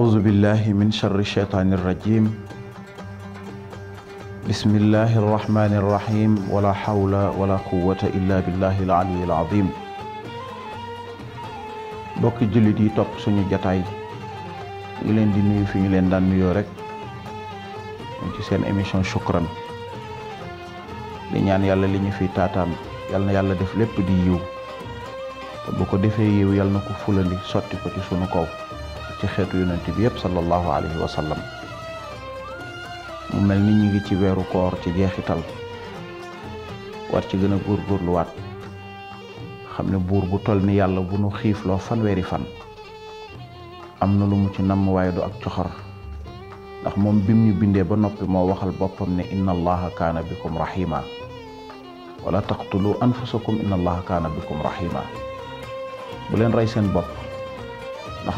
أعوذ بالله من شر الشيطان الرجيم بسم الله الرحمن الرحيم ولا حول ولا قوة إلا بالله bokki jullit yi topp suñu jataay ñu leen di nuyu fi ñu leen daan nuyoo rek ci seen émission Shukran di ñaan yàlla li ñu fi taataan yal na yàlla def lépp di yiw te bu ko defee yiw yal na ko fulandi sotti ko ci sunu ci xeetu yonent bi yëpp sallallahu mel ni ñu ngi ci weeru koor ci jeexital war ci gën a góorgóorluwaat xam ne buur bu toll ni yàlla bu nu xiifloo fanweeri fan am na lu mu ci namm waaye du ak coxor ndax moom bim ñu bindee ba noppi moo waxal boppam ne inna allaha kaana bikum rahima wala taqtulu anfusakum inna allaha kaana bikum rahima bu leen rey seen bopp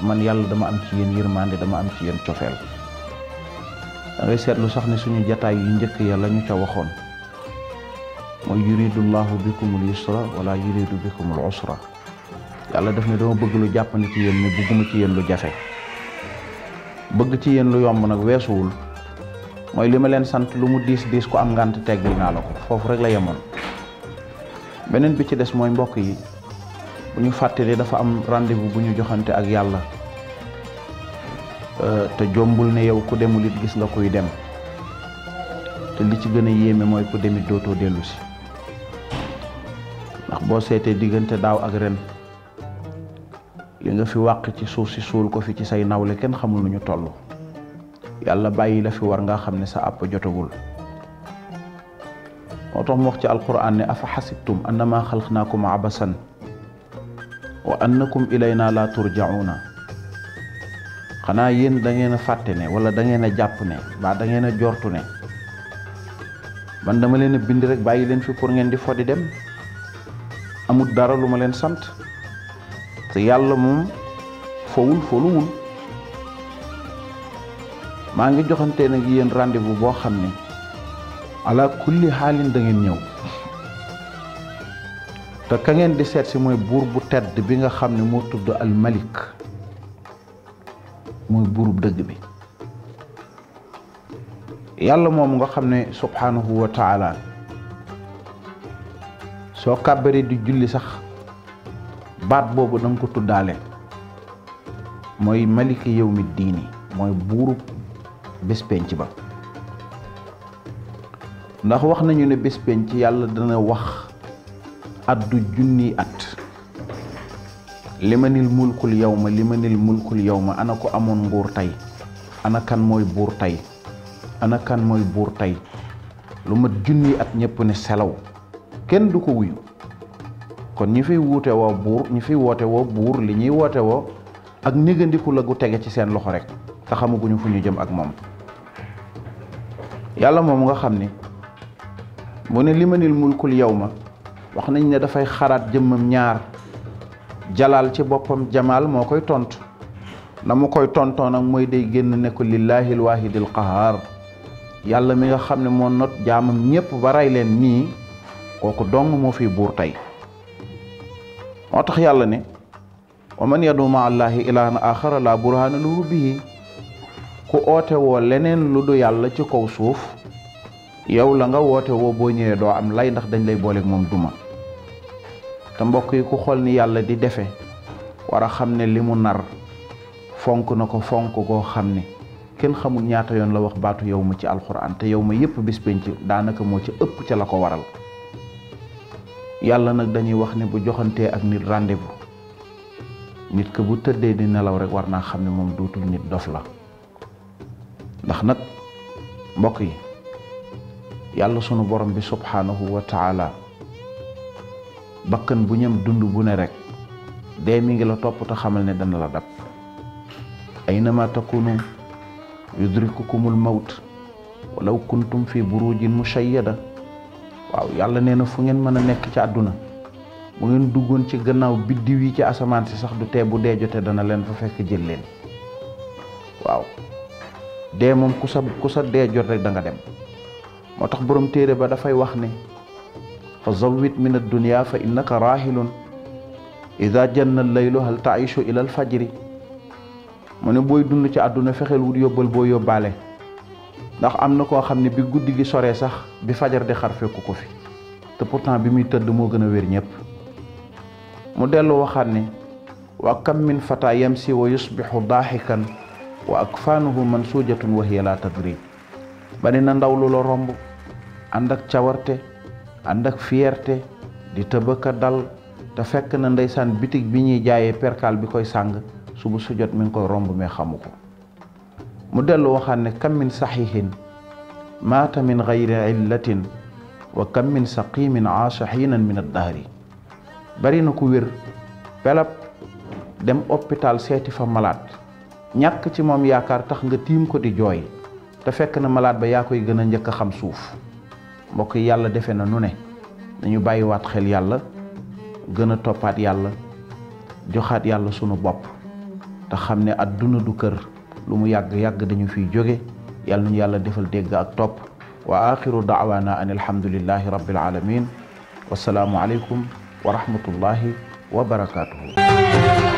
man yàlla dama am ci yéen yërmande dama am ci yéen cofeel da seetlu sax ne suñu jataay yi njëkk ya lañu ñu ca waxoon mooy yuridullahu bikumul yusra wala yuridu bikumul usra yàlla daf ne dama bëgg lu jàppandi ci yéen ne bëgguma ci yéen lu jafe bëgg ci yéen lu yomb nag weesuwul mooy li ma leen sant lu mu diis diis ku am ngànt teggil naa la ko foofu rek la yemoon beneen bi ci des mooy mbokk yi bu ñu fàttalee dafa am rendez-vous bu ñu joxante ak yàlla euh, te jombul ne yow ku demul it gis la kuy dem te li ci gën a yéeme mooy ko demit dootoo dellu si ndax boo seetee diggante daaw ak ren li nga fi wàq ci suuf si suul ko fi ci say nawle kenn xamul nu ñu toll yàlla bàyyi la fi war nga xam ne sa àpp jotagul moo tax mu wax ci alquran ne afa xasibtum annama xalaqnaakum abasan wa annakum ilayna la turjauna xanaa yéen da ngeen a fàtte ne wala da ngeen a jàpp ne mbaa da ngeen a jortu ne man dama leen a bind rek bàyyi leen fi pour ngeen di foddi dem amut dara lu ma leen sant te yàlla moom fowul foluwul maa ngi joxante nag yéen rendez-vous boo xam ne ala kulli xaalin da ngeen ñëw te ka ngeen di seet si mooy buur bu tedd bi nga xam ne moo tudd al malik mooy buurub dëgg bi yàlla moom nga xam ne subhanahu wa soo kàbbaree di julli sax baat boobu da ko tuddaale mooy maliki yawmi diini mooy buurub bés penc ba ndax wax nañu ne bés penc yàlla dana wax addu junniy at limanil mulkul yawma limanil mulkul yawma ana ko amoon nguur tey ana kan mooy buur tey ana kan mooy buur tey lu mat junniy at ñépp ne selaw kenn du ko wuyu kon ñi fiy wuute woo buur ñi fiy woote woo buur li ñuy woote woo ak négandiku la gu tege ci seen loxo rek te xamaguñu fu ñu jëm ak moom yàlla moom nga xam ni mu ne limanil mulkul ma wax nañ ne dafay xaraat jëmmam ñaar jalaal ci boppam jamaal moo koy tontu na mu koy tontoo nag mooy day génn ne ko lillahi lwaahidil qahaar yàlla mi nga xam ne moo not jaamam ñépp ba rey leen nii kooku dong moo fi buur tey moo tax yàlla ne wa man yadu ma allahi ilahan axara la burhaana lahu ku oote woo leneen lu du yàlla ci kaw suuf yow la nga woote woo boo ñëwee doo am lay ndax dañ lay booleeg moom ma te mbokk yi ku xool ni yàlla di defe war a xam ne li mu nar fonk na ko fonk koo xam ne kenn xamul ñaata yoon la wax baatu yow ma ci alxuraan te yow ma yépp bis penc daanaka moo ca ëpp ca la ko waral yàlla nag dañuy wax ne bu joxantee ak nit rendez-vous nit ke bu tëddee di nelaw rek war naa xam ne moom dootul nit dof la ndax nag mbokk yi yàlla sunu borom bi subhaanahu wa taala bakkan bu ñam dund bu ne rek dee mi ngi la topp te xamal ne dana la dab aynama takunu yudrikukumul mawt walaw kuntum fii bu fi burujin mushayyada waaw yàlla nee na fu ngeen mën a nekk ci àdduna bu ngeen duggoon ci gannaaw biddiw yi ci asamaan si sax du tee bu dee jote dana leen fa fekk jël leen waaw dee moom ku sa ku sa dee jot rek da nga dem moo tax borom téere ba dafay wax ne fa zawwit min addunia fa innaka raahilun ida janna laylu hal taishu ila alfajri mu ne booy dund ci àdduna fexeel wut yóbbal boo yóbbaale ndax am na koo xam ne bi guddi gi soree sax bi fajar di xar fekku ko fi te pour pourtant bi muy tëdd moo gën a wér ñëpp mu dellu waxaat ne wa kam min fata yamsi wa yusbixu daaxikan wa akfaanuhu mansuujatun wa hiya la tadri ba ne na ndaw romb ànd ak cawarte ànd ak fierté di tëbëka dal te fekk na ndeysaan bitig bi ñuy jaayee perkaal bi koy sàng subu sujot mi ngi koy romb mais xamu ko mu dellu waxaan ne kam min saxihin maata min gayri illatin wa kam min saqimin aasha xiinan min addaari bari na ku wér pelab dem hôpital seeti fa malaat ñàkk ci moom yaakaar tax nga tiim ko di jooy te fekk na malaat ba yaa koy gën a njëkk a xam suuf mbokk yi yàlla defe na nu ne dañu bàyyiwaat xel yàlla gën a toppaat yàlla joxaat yàlla sunu bopp te xam ne adduna du kër lu mu yàgg-yàgg dañu fi jóge yàlla nañu yàlla defal dégg ak topp wa axiru daawaana an alhamdulillahi rabbil alamin wasalaamu aleykum wa rahmatullahi wa barakatuhu